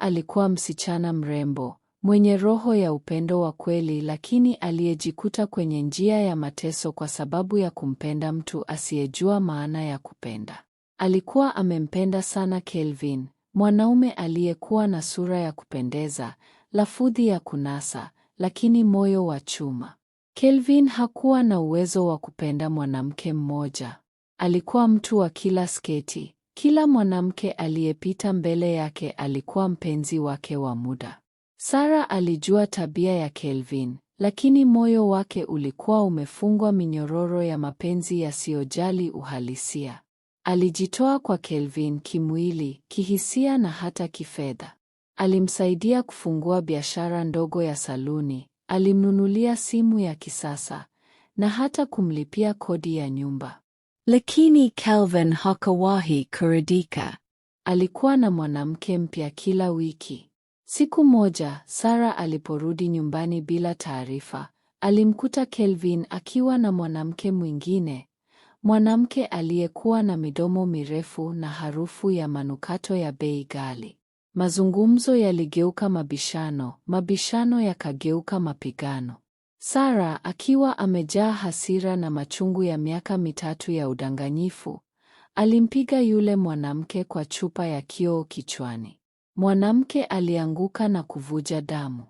alikuwa msichana mrembo mwenye roho ya upendo wa kweli, lakini aliyejikuta kwenye njia ya mateso kwa sababu ya kumpenda mtu asiyejua maana ya kupenda. Alikuwa amempenda sana Kelvin, mwanaume aliyekuwa na sura ya kupendeza, lafudhi ya kunasa, lakini moyo wa chuma. Kelvin hakuwa na uwezo wa kupenda mwanamke mmoja. Alikuwa mtu wa kila sketi, kila mwanamke aliyepita mbele yake alikuwa mpenzi wake wa muda. Sara alijua tabia ya Kelvin, lakini moyo wake ulikuwa umefungwa minyororo ya mapenzi yasiyojali uhalisia. Alijitoa kwa Kelvin kimwili, kihisia na hata kifedha. Alimsaidia kufungua biashara ndogo ya saluni, alimnunulia simu ya kisasa na hata kumlipia kodi ya nyumba. Lakini Kelvin hakawahi kuridhika. Alikuwa na mwanamke mpya kila wiki. Siku moja, Sara aliporudi nyumbani bila taarifa, alimkuta Kelvin akiwa na mwanamke mwingine, mwanamke aliyekuwa na midomo mirefu na harufu ya manukato ya bei ghali. Mazungumzo yaligeuka mabishano, mabishano yakageuka mapigano. Sara akiwa amejaa hasira na machungu ya miaka mitatu ya udanganyifu, alimpiga yule mwanamke kwa chupa ya kioo kichwani. Mwanamke alianguka na kuvuja damu.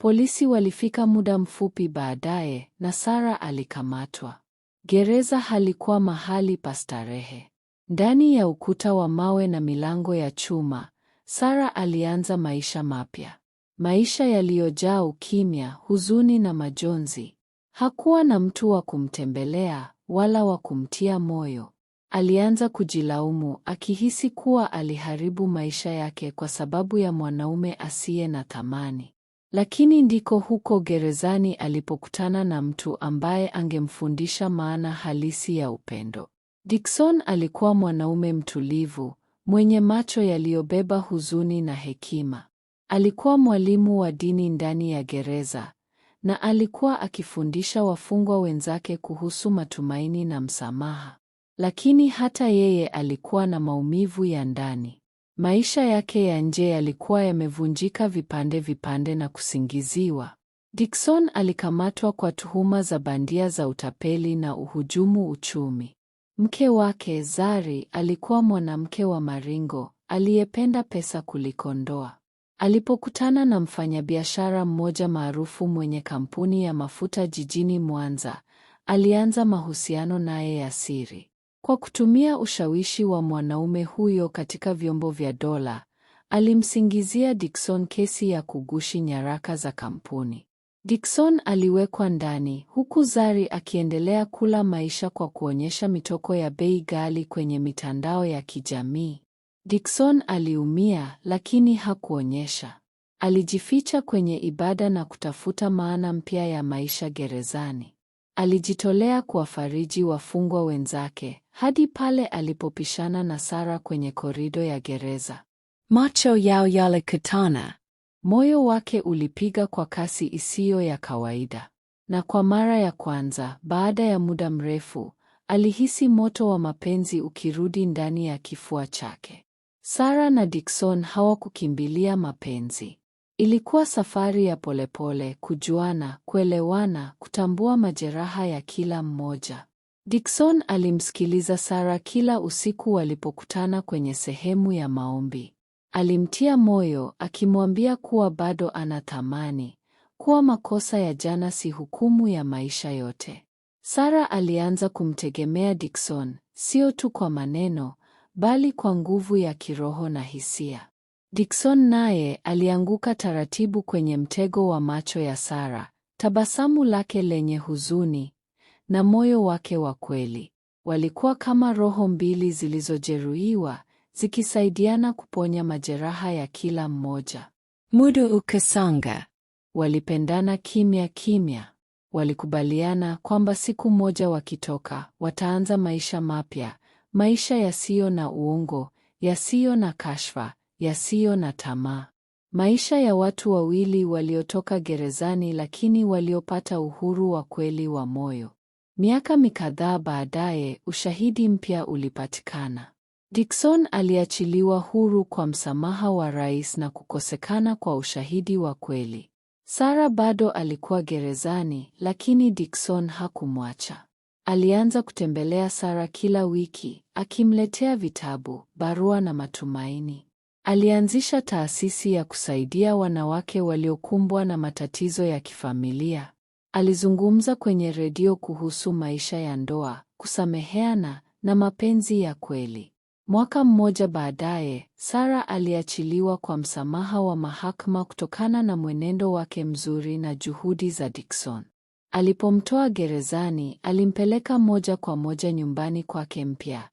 Polisi walifika muda mfupi baadaye na Sara alikamatwa. Gereza halikuwa mahali pa starehe. Ndani ya ukuta wa mawe na milango ya chuma, Sara alianza maisha mapya maisha yaliyojaa ukimya, huzuni na majonzi. Hakuwa na mtu wa kumtembelea wala wa kumtia moyo. Alianza kujilaumu, akihisi kuwa aliharibu maisha yake kwa sababu ya mwanaume asiye na thamani. Lakini ndiko huko gerezani alipokutana na mtu ambaye angemfundisha maana halisi ya upendo. Dickson alikuwa mwanaume mtulivu, mwenye macho yaliyobeba huzuni na hekima. Alikuwa mwalimu wa dini ndani ya gereza na alikuwa akifundisha wafungwa wenzake kuhusu matumaini na msamaha. Lakini hata yeye alikuwa na maumivu ya ndani. Maisha yake ya nje yalikuwa yamevunjika vipande vipande na kusingiziwa. Dickson alikamatwa kwa tuhuma za bandia za utapeli na uhujumu uchumi. Mke wake Zari alikuwa mwanamke wa maringo aliyependa pesa kuliko ndoa. Alipokutana na mfanyabiashara mmoja maarufu mwenye kampuni ya mafuta jijini Mwanza, alianza mahusiano naye ya siri. Kwa kutumia ushawishi wa mwanaume huyo katika vyombo vya dola, alimsingizia Dickson kesi ya kugushi nyaraka za kampuni. Dickson aliwekwa ndani huku Zari akiendelea kula maisha kwa kuonyesha mitoko ya bei ghali kwenye mitandao ya kijamii. Dickson aliumia lakini hakuonyesha. Alijificha kwenye ibada na kutafuta maana mpya ya maisha gerezani. Alijitolea kuwafariji wafungwa wenzake hadi pale alipopishana na Sara kwenye korido ya gereza. Macho yao yalikutana, moyo wake ulipiga kwa kasi isiyo ya kawaida, na kwa mara ya kwanza baada ya muda mrefu alihisi moto wa mapenzi ukirudi ndani ya kifua chake. Sara na dikson hawakukimbilia mapenzi. Ilikuwa safari ya polepole, kujuana, kuelewana, kutambua majeraha ya kila mmoja. dikson alimsikiliza Sara kila usiku walipokutana kwenye sehemu ya maombi. Alimtia moyo akimwambia kuwa bado ana thamani, kuwa makosa ya jana si hukumu ya maisha yote. Sara alianza kumtegemea dikson sio tu kwa maneno bali kwa nguvu ya kiroho na hisia. Dickson naye alianguka taratibu kwenye mtego wa macho ya Sara, tabasamu lake lenye huzuni na moyo wake wa kweli. Walikuwa kama roho mbili zilizojeruhiwa, zikisaidiana kuponya majeraha ya kila mmoja. Mudu ukesanga walipendana kimya kimya. Walikubaliana kwamba siku moja wakitoka, wataanza maisha mapya maisha yasiyo na uongo, yasiyo na kashfa, yasiyo na tamaa, maisha ya watu wawili waliotoka gerezani lakini waliopata uhuru wa kweli wa moyo. Miaka mikadhaa baadaye, ushahidi mpya ulipatikana. Dickson aliachiliwa huru kwa msamaha wa rais na kukosekana kwa ushahidi wa kweli. Sara bado alikuwa gerezani, lakini Dickson hakumwacha. Alianza kutembelea Sara kila wiki, akimletea vitabu, barua na matumaini. Alianzisha taasisi ya kusaidia wanawake waliokumbwa na matatizo ya kifamilia. Alizungumza kwenye redio kuhusu maisha ya ndoa, kusameheana na mapenzi ya kweli. Mwaka mmoja baadaye, Sara aliachiliwa kwa msamaha wa mahakama kutokana na mwenendo wake mzuri na juhudi za Dickson. Alipomtoa gerezani, alimpeleka moja kwa moja nyumbani kwake mpya,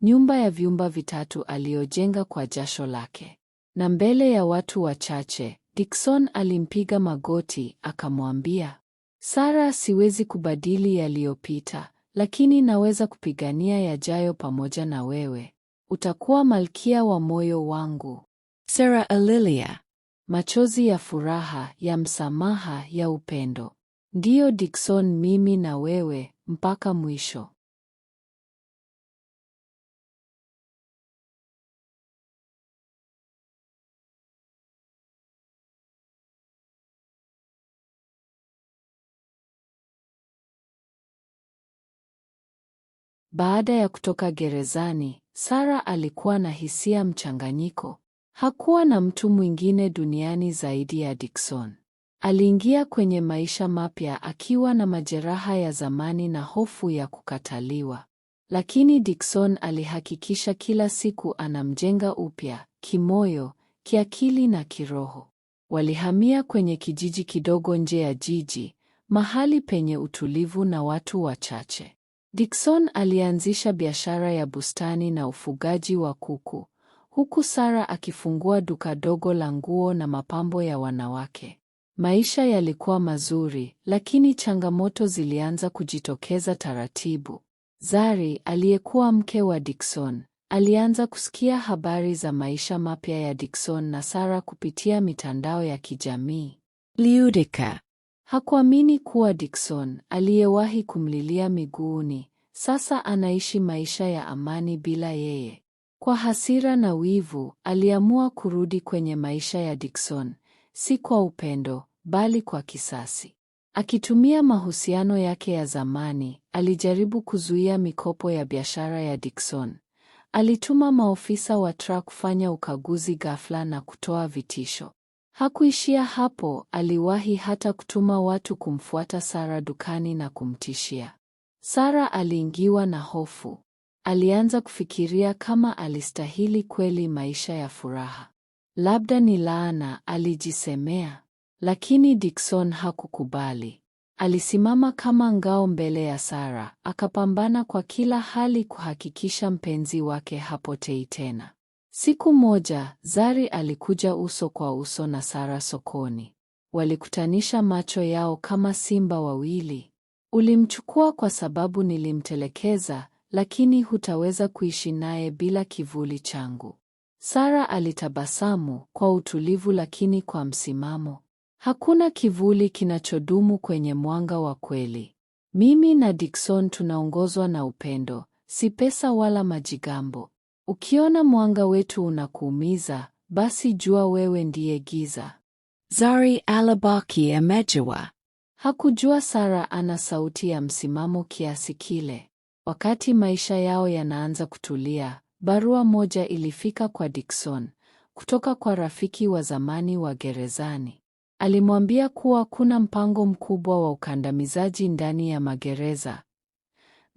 nyumba ya vyumba vitatu aliyojenga kwa jasho lake. Na mbele ya watu wachache, Dickson alimpiga magoti akamwambia, Sara, siwezi kubadili yaliyopita, lakini naweza kupigania yajayo pamoja na wewe. Utakuwa malkia wa moyo wangu. Sara alilia, machozi ya furaha, ya msamaha, ya upendo. Ndiyo Dickson mimi na wewe mpaka mwisho. Baada ya kutoka gerezani, Sara alikuwa na hisia mchanganyiko. Hakuwa na mtu mwingine duniani zaidi ya Dickson. Aliingia kwenye maisha mapya akiwa na majeraha ya zamani na hofu ya kukataliwa, lakini Dickson alihakikisha kila siku anamjenga upya kimoyo, kiakili na kiroho. Walihamia kwenye kijiji kidogo nje ya jiji, mahali penye utulivu na watu wachache. Dickson alianzisha biashara ya bustani na ufugaji wa kuku, huku Sara akifungua duka dogo la nguo na mapambo ya wanawake. Maisha yalikuwa mazuri, lakini changamoto zilianza kujitokeza taratibu. Zari, aliyekuwa mke wa Dickson, alianza kusikia habari za maisha mapya ya Dickson na Sara kupitia mitandao ya kijamii. Liudeka hakuamini kuwa Dickson aliyewahi kumlilia miguuni, sasa anaishi maisha ya amani bila yeye. Kwa hasira na wivu, aliamua kurudi kwenye maisha ya Dickson si kwa upendo, bali kwa kisasi. Akitumia mahusiano yake ya zamani, alijaribu kuzuia mikopo ya biashara ya Dickson. Alituma maofisa wa TRA kufanya ukaguzi ghafla na kutoa vitisho. Hakuishia hapo, aliwahi hata kutuma watu kumfuata Sara dukani na kumtishia. Sara aliingiwa na hofu. Alianza kufikiria kama alistahili kweli maisha ya furaha. Labda ni laana, alijisemea. Lakini Dickson hakukubali. Alisimama kama ngao mbele ya Sara, akapambana kwa kila hali kuhakikisha mpenzi wake hapotei tena. Siku moja, Zari alikuja uso kwa uso na Sara sokoni. Walikutanisha macho yao kama simba wawili. Ulimchukua kwa sababu nilimtelekeza, lakini hutaweza kuishi naye bila kivuli changu. Sara alitabasamu kwa utulivu lakini kwa msimamo. Hakuna kivuli kinachodumu kwenye mwanga wa kweli. Mimi na Dickson tunaongozwa na upendo, si pesa wala majigambo. Ukiona mwanga wetu unakuumiza, basi jua wewe ndiye giza. Zari alabaki amejewa. Hakujua Sara ana sauti ya msimamo kiasi kile. Wakati maisha yao yanaanza kutulia, Barua moja ilifika kwa Dickson kutoka kwa rafiki wa zamani wa gerezani. Alimwambia kuwa kuna mpango mkubwa wa ukandamizaji ndani ya magereza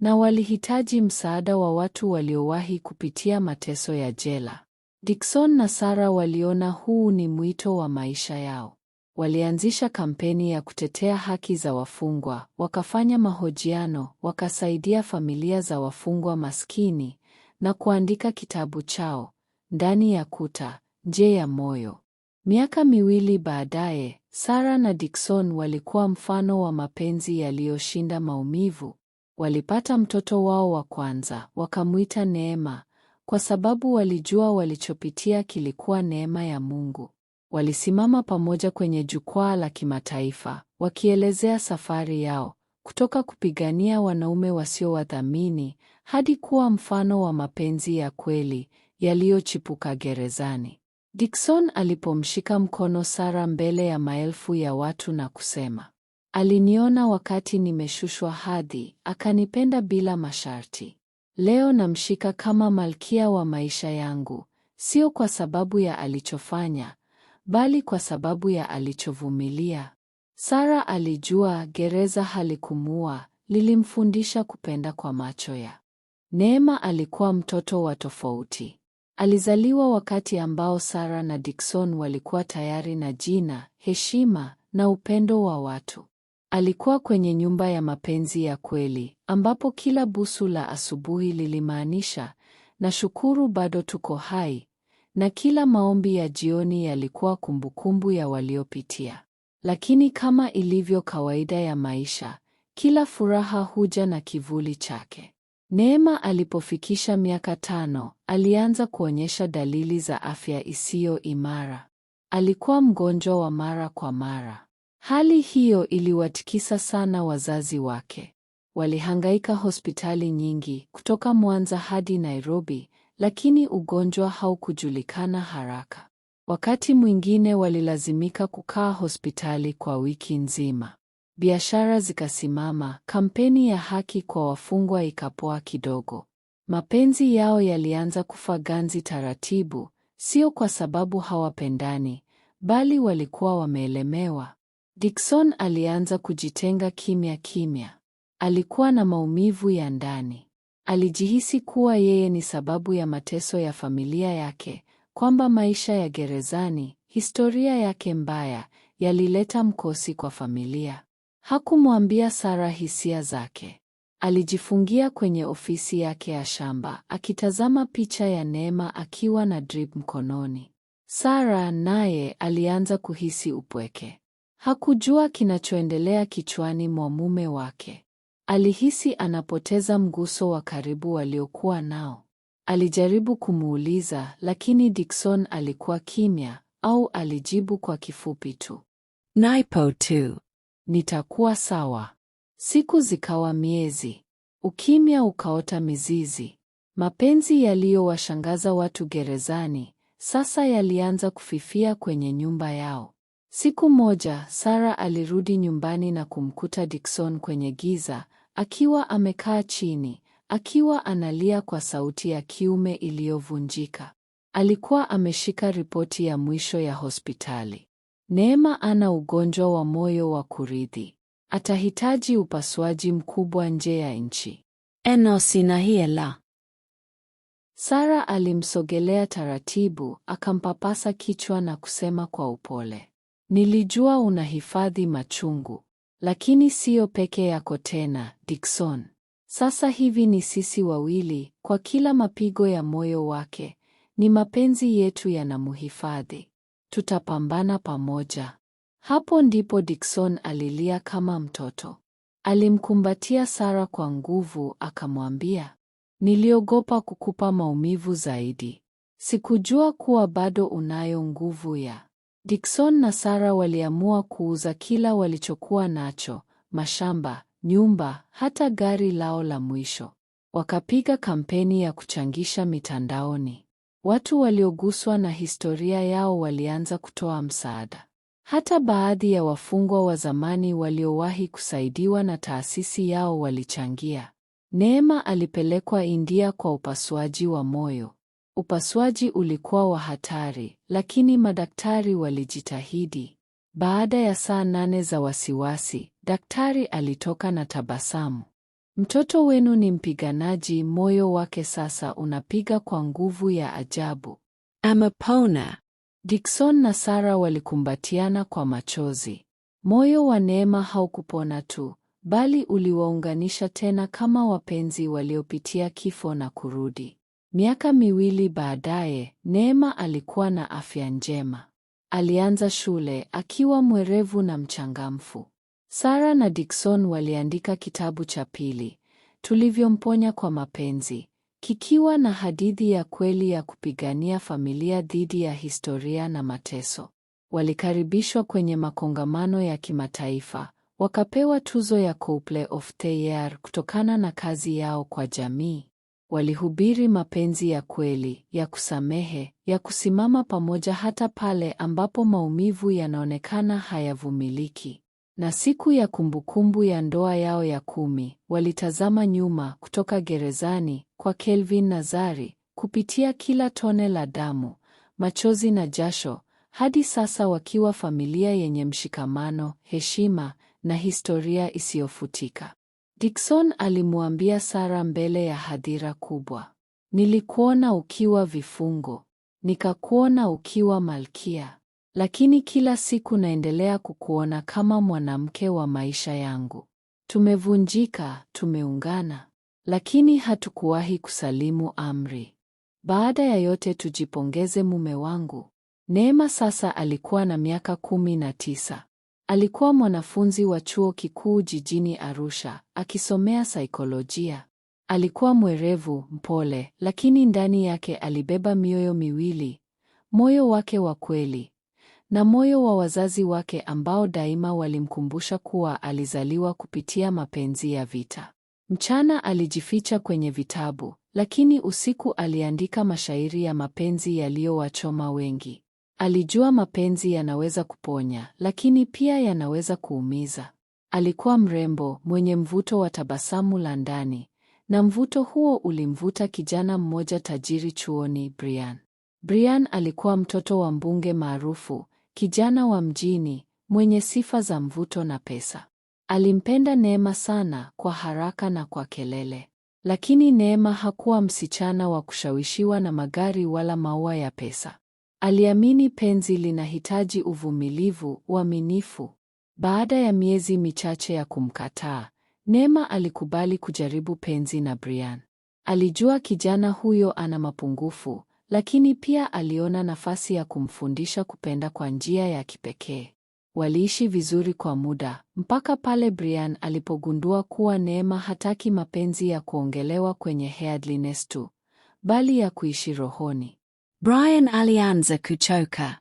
na walihitaji msaada wa watu waliowahi kupitia mateso ya jela. Dickson na Sara waliona huu ni mwito wa maisha yao. Walianzisha kampeni ya kutetea haki za wafungwa, wakafanya mahojiano, wakasaidia familia za wafungwa maskini na kuandika kitabu chao ndani ya kuta nje ya moyo. Miaka miwili baadaye, Sara na Dickson walikuwa mfano wa mapenzi yaliyoshinda maumivu. Walipata mtoto wao wa kwanza, wakamwita Neema kwa sababu walijua walichopitia kilikuwa neema ya Mungu. Walisimama pamoja kwenye jukwaa la kimataifa wakielezea safari yao kutoka kupigania wanaume wasiowathamini hadi kuwa mfano wa mapenzi ya kweli yaliyochipuka gerezani. Dickson alipomshika mkono Sara mbele ya maelfu ya watu na kusema, aliniona wakati nimeshushwa hadhi, akanipenda bila masharti. Leo namshika kama malkia wa maisha yangu, sio kwa sababu ya alichofanya, bali kwa sababu ya alichovumilia. Sara alijua gereza halikumua, lilimfundisha kupenda kwa macho ya. Neema alikuwa mtoto wa tofauti. Alizaliwa wakati ambao Sara na Dickson walikuwa tayari na jina, heshima na upendo wa watu. Alikuwa kwenye nyumba ya mapenzi ya kweli, ambapo kila busu la asubuhi lilimaanisha nashukuru bado tuko hai, na kila maombi ya jioni yalikuwa kumbukumbu ya waliopitia. Lakini kama ilivyo kawaida ya maisha, kila furaha huja na kivuli chake. Neema alipofikisha miaka tano, alianza kuonyesha dalili za afya isiyo imara. Alikuwa mgonjwa wa mara kwa mara. Hali hiyo iliwatikisa sana wazazi wake. Walihangaika hospitali nyingi kutoka Mwanza hadi Nairobi, lakini ugonjwa haukujulikana haraka. Wakati mwingine walilazimika kukaa hospitali kwa wiki nzima. Biashara zikasimama, kampeni ya haki kwa wafungwa ikapoa kidogo. Mapenzi yao yalianza kufa ganzi taratibu, sio kwa sababu hawapendani, bali walikuwa wameelemewa. Dickson alianza kujitenga kimya kimya. Alikuwa na maumivu ya ndani. Alijihisi kuwa yeye ni sababu ya mateso ya familia yake, kwamba maisha ya gerezani, historia yake mbaya, yalileta mkosi kwa familia. Hakumwambia Sara hisia zake. Alijifungia kwenye ofisi yake ya shamba, akitazama picha ya Neema akiwa na drip mkononi. Sara naye alianza kuhisi upweke. Hakujua kinachoendelea kichwani mwa mume wake. Alihisi anapoteza mguso wa karibu waliokuwa nao. Alijaribu kumuuliza lakini Dickson alikuwa kimya, au alijibu kwa kifupi tu, nipo tu, nitakuwa sawa. Siku zikawa miezi, ukimya ukaota mizizi. Mapenzi yaliyowashangaza watu gerezani sasa yalianza kufifia kwenye nyumba yao. Siku moja Sara alirudi nyumbani na kumkuta Dickson kwenye giza akiwa amekaa chini akiwa analia kwa sauti ya kiume iliyovunjika. Alikuwa ameshika ripoti ya mwisho ya hospitali. Neema ana ugonjwa wa moyo wa kurithi, atahitaji upasuaji mkubwa nje ya nchi. Eno, sina hela. Sara alimsogelea taratibu, akampapasa kichwa na kusema kwa upole, nilijua unahifadhi machungu, lakini siyo peke yako tena, Dickson. Sasa hivi ni sisi wawili, kwa kila mapigo ya moyo wake. Ni mapenzi yetu yanamhifadhi. Tutapambana pamoja. Hapo ndipo Dickson alilia kama mtoto. Alimkumbatia Sara kwa nguvu, akamwambia, niliogopa kukupa maumivu zaidi, sikujua kuwa bado unayo nguvu ya. Dickson na Sara waliamua kuuza kila walichokuwa nacho, mashamba, nyumba, hata gari lao la mwisho. Wakapiga kampeni ya kuchangisha mitandaoni. Watu walioguswa na historia yao walianza kutoa msaada. Hata baadhi ya wafungwa wa zamani waliowahi kusaidiwa na taasisi yao walichangia. Neema alipelekwa India kwa upasuaji wa moyo. Upasuaji ulikuwa wa hatari, lakini madaktari walijitahidi. Baada ya saa nane za wasiwasi, daktari alitoka na tabasamu. Mtoto wenu ni mpiganaji, moyo wake sasa unapiga kwa nguvu ya ajabu. Amepona. Dickson na Sara walikumbatiana kwa machozi. Moyo wa Neema haukupona tu, bali uliwaunganisha tena kama wapenzi waliopitia kifo na kurudi. Miaka miwili baadaye, Neema alikuwa na afya njema. Alianza shule akiwa mwerevu na mchangamfu. Sara na Dickson waliandika kitabu cha pili, Tulivyomponya kwa mapenzi, kikiwa na hadithi ya kweli ya kupigania familia dhidi ya historia na mateso. Walikaribishwa kwenye makongamano ya kimataifa, wakapewa tuzo ya Couple of the Year kutokana na kazi yao kwa jamii. Walihubiri mapenzi ya kweli, ya kusamehe, ya kusimama pamoja hata pale ambapo maumivu yanaonekana hayavumiliki. Na siku ya kumbukumbu ya ndoa yao ya kumi, walitazama nyuma kutoka gerezani kwa Kelvin Nazari, kupitia kila tone la damu, machozi na jasho, hadi sasa wakiwa familia yenye mshikamano, heshima na historia isiyofutika. Dickson alimwambia Sara mbele ya hadhira kubwa, nilikuona ukiwa vifungo, nikakuona ukiwa malkia, lakini kila siku naendelea kukuona kama mwanamke wa maisha yangu. Tumevunjika, tumeungana, lakini hatukuwahi kusalimu amri. Baada ya yote, tujipongeze mume wangu. Neema sasa alikuwa na miaka kumi na tisa. Alikuwa mwanafunzi wa chuo kikuu jijini Arusha, akisomea saikolojia. Alikuwa mwerevu, mpole, lakini ndani yake alibeba mioyo miwili, moyo wake wa kweli na moyo wa wazazi wake ambao daima walimkumbusha kuwa alizaliwa kupitia mapenzi ya vita. Mchana alijificha kwenye vitabu, lakini usiku aliandika mashairi ya mapenzi yaliyowachoma wengi. Alijua mapenzi yanaweza kuponya, lakini pia yanaweza kuumiza. Alikuwa mrembo, mwenye mvuto wa tabasamu la ndani, na mvuto huo ulimvuta kijana mmoja tajiri chuoni, Brian. Brian alikuwa mtoto wa mbunge maarufu, kijana wa mjini, mwenye sifa za mvuto na pesa. Alimpenda Neema sana, kwa haraka na kwa kelele. Lakini Neema hakuwa msichana wa kushawishiwa na magari wala maua ya pesa. Aliamini penzi linahitaji uvumilivu, uaminifu. Baada ya miezi michache ya kumkataa, Neema alikubali kujaribu penzi na Brian. Alijua kijana huyo ana mapungufu, lakini pia aliona nafasi ya kumfundisha kupenda kwa njia ya kipekee. Waliishi vizuri kwa muda mpaka pale Brian alipogundua kuwa Neema hataki mapenzi ya kuongelewa kwenye hairlines tu, bali ya kuishi rohoni. Brian alianza kuchoka.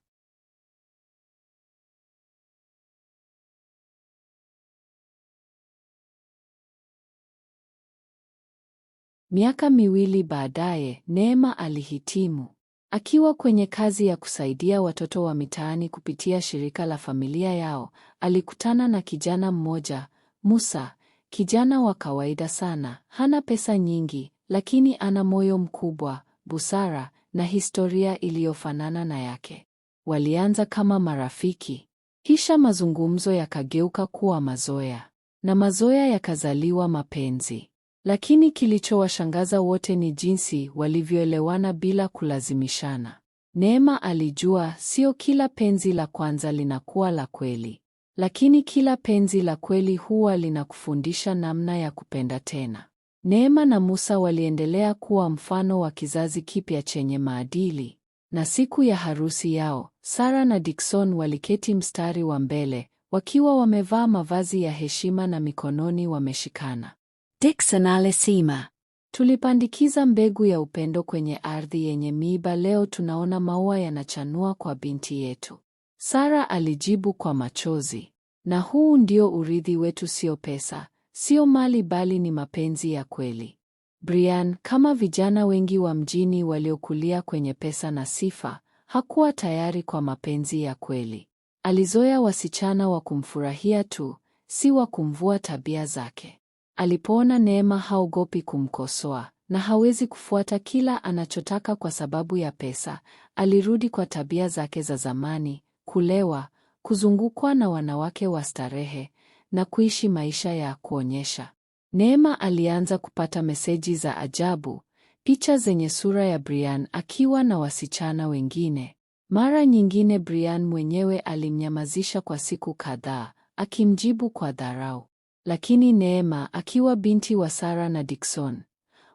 Miaka miwili baadaye, Neema alihitimu akiwa kwenye kazi ya kusaidia watoto wa mitaani kupitia shirika la familia yao. Alikutana na kijana mmoja, Musa, kijana wa kawaida sana, hana pesa nyingi, lakini ana moyo mkubwa, busara na historia iliyofanana na yake. Walianza kama marafiki, kisha mazungumzo yakageuka kuwa mazoea, na mazoea yakazaliwa mapenzi. Lakini kilichowashangaza wote ni jinsi walivyoelewana bila kulazimishana. Neema alijua sio kila penzi la kwanza linakuwa la kweli, lakini kila penzi la kweli huwa linakufundisha namna ya kupenda tena. Neema na Musa waliendelea kuwa mfano wa kizazi kipya chenye maadili. Na siku ya harusi yao, Sara na Dickson waliketi mstari wa mbele, wakiwa wamevaa mavazi ya heshima na mikononi wameshikana. Dickson alisema, tulipandikiza mbegu ya upendo kwenye ardhi yenye miiba, leo tunaona maua yanachanua kwa binti yetu. Sara alijibu kwa machozi, na huu ndio urithi wetu, sio pesa, sio mali bali ni mapenzi ya kweli. Brian, kama vijana wengi wa mjini waliokulia kwenye pesa na sifa, hakuwa tayari kwa mapenzi ya kweli. Alizoea wasichana wa kumfurahia tu, si wa kumvua tabia zake. Alipoona Neema haogopi kumkosoa na hawezi kufuata kila anachotaka kwa sababu ya pesa, alirudi kwa tabia zake za zamani: kulewa, kuzungukwa na wanawake wa starehe na kuishi maisha ya kuonyesha. Neema alianza kupata meseji za ajabu, picha zenye sura ya Brian akiwa na wasichana wengine. Mara nyingine Brian mwenyewe alimnyamazisha kwa siku kadhaa, akimjibu kwa dharau. Lakini Neema akiwa binti wa Sara na Dickson,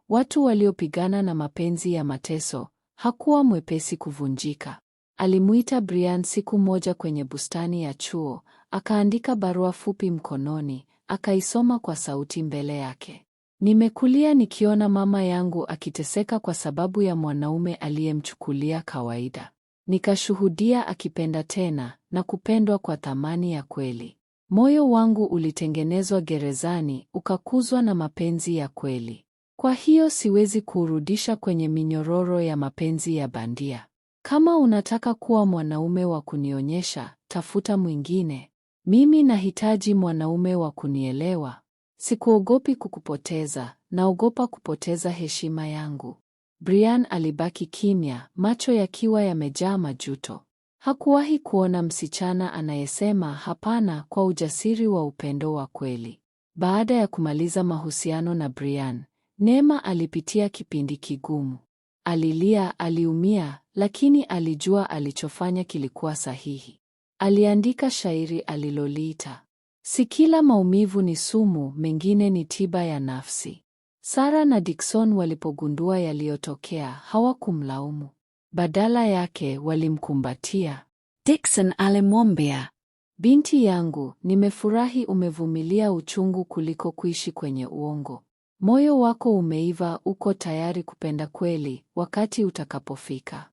watu waliopigana na mapenzi ya mateso, hakuwa mwepesi kuvunjika. Alimuita Brian siku moja kwenye bustani ya chuo Akaandika barua fupi mkononi, akaisoma kwa sauti mbele yake. Nimekulia nikiona mama yangu akiteseka kwa sababu ya mwanaume aliyemchukulia kawaida. Nikashuhudia akipenda tena na kupendwa kwa thamani ya kweli. Moyo wangu ulitengenezwa gerezani, ukakuzwa na mapenzi ya kweli. Kwa hiyo siwezi kurudisha kwenye minyororo ya mapenzi ya bandia. Kama unataka kuwa mwanaume wa kunionyesha, tafuta mwingine. Mimi nahitaji mwanaume wa kunielewa. Sikuogopi kukupoteza, naogopa kupoteza heshima yangu. Brian alibaki kimya, macho yakiwa yamejaa majuto. Hakuwahi kuona msichana anayesema hapana kwa ujasiri wa upendo wa kweli. Baada ya kumaliza mahusiano na Brian, Neema alipitia kipindi kigumu. Alilia, aliumia, lakini alijua alichofanya kilikuwa sahihi. Aliandika shairi aliloliita si kila maumivu ni sumu, mengine ni tiba ya nafsi. Sara na Dickson walipogundua yaliyotokea hawakumlaumu, badala yake walimkumbatia. Dickson alimwambia, binti yangu, nimefurahi umevumilia uchungu kuliko kuishi kwenye uongo. Moyo wako umeiva, uko tayari kupenda kweli wakati utakapofika.